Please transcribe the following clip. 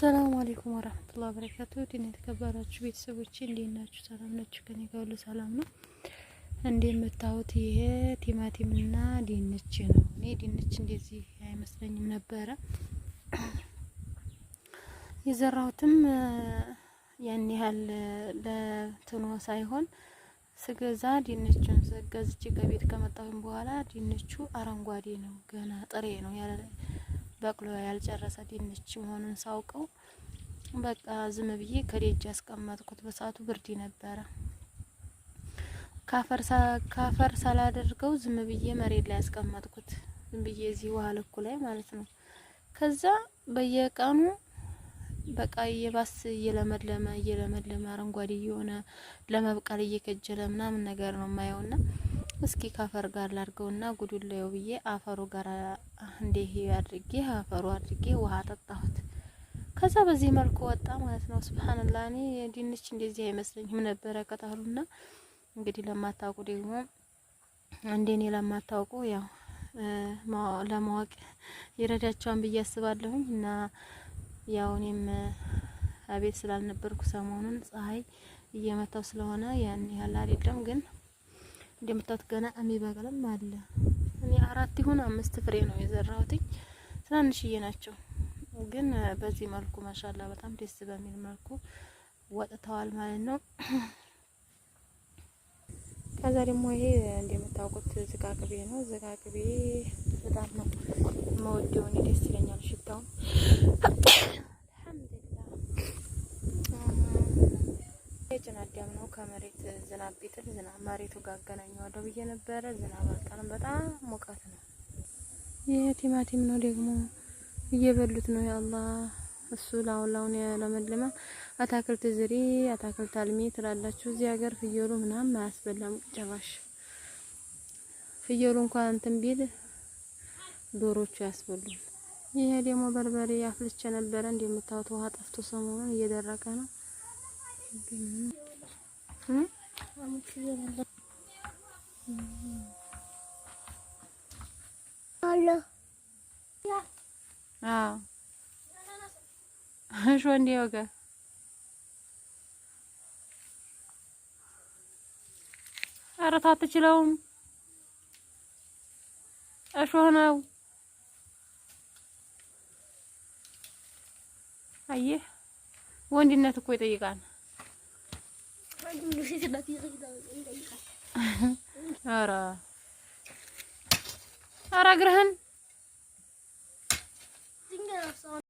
አሰላሙ አሌይኩም ወረህመቱላ በረካቱ ዲን የተከበራችሁ ቤተሰቦች እንዴት ናችሁ? ሰላም ናችሁ? ከኔ ጋር ሁሉ ሰላም ነው። እንደምታዩት ይሄ ቲማቲምና ድንች ነው። እኔ ድንች እንደዚህ አይመስለኝም ነበረ የዘራሁትም ያን ያህል ለትኖ ሳይሆን ስገዛ ድንቹን ገዝቼ ከቤት ከመጣሁኝ በኋላ ድንቹ አረንጓዴ ነው፣ ገና ጥሬ ነው በቅሎ ያልጨረሰ ድንች መሆኑን ሳውቀው በቃ ዝም ብዬ ከደጅ ያስቀመጥኩት። በሰዓቱ ብርድ ነበረ። ካፈር ሳላደርገው ዝም ብዬ መሬት ላይ ያስቀመጥኩት ዝም ብዬ እዚህ ውሃ ልኩ ላይ ማለት ነው። ከዛ በየቀኑ በቃ የባስ እየለመለመ እየለመለመ አረንጓዴ የሆነ ለመብቀል እየከጀለ ምናምን ነገር ነው የማየውና እስኪ ካፈር ጋር ላድርገውና ጉዱን ብዬ አፈሩ ጋር እንዲህ አድርጌ አፈሩ አድርጌ ውሃ ጠጣሁት። ከዛ በዚህ መልኩ ወጣ ማለት ነው። ስብሓንላ እኔ ድንች እንደዚህ አይመስለኝም ነበረ ቅጠሉና እንግዲህ ለማታውቁ ደግሞ እንደኔ ለማታውቁ ያው ለማወቅ ይረዳቸዋን ብዬ አስባለሁኝ እና ያው እኔም አቤት ስላልነበርኩ ሰሞኑን ፀሐይ እየመታው ስለሆነ ያን ያህል አይደለም ግን እንደምታት ገና የሚበቅልም አለ። እኔ አራት ይሁን አምስት ፍሬ ነው የዘራሁትኝ። ትናንሽዬ ናቸው ግን በዚህ መልኩ ማሻላ በጣም ደስ በሚል መልኩ ወጥተዋል ማለት ነው። ከዛ ደግሞ ይሄ እንደምታውቁት ዝቃ ቅቤ ነው። ዝቃ ቅቤ በጣም ነው መወደውን ደስ ይለኛል ሽታውን ሀገራችን አዳም ነው። ከመሬት ዝናብ ቢጥል ዝናብ መሬቱ ጋር አገናኘዋለሁ ብዬ ነበረ። ዝናብ አልጣለም። በጣም ሞቃት ነው። ይህ ቲማቲም ነው ደግሞ እየበሉት ነው። ያላ እሱ ላሁን ላሁን ለመለመ አታክልት ዝሪ አታክልት አልሚ ትላላችሁ። እዚህ ሀገር ፍየሉ ምናምን አያስበላም ጨባሽ ፍየሉ እንኳን እንትን ቢል ዶሮቹ ያስበሉ። ይሄ ደግሞ በርበሬ አፍልቼ ነበረ እንደምታዩት ውሃ ጠፍቶ ሰሞኑን እየደረቀ ነው። እሺ ወንድ ወገ ኧረ ታት እሾህ ነው። አየህ ወንድነት እኮ ይጠይቃል። ኧረ ኧረ እግርህን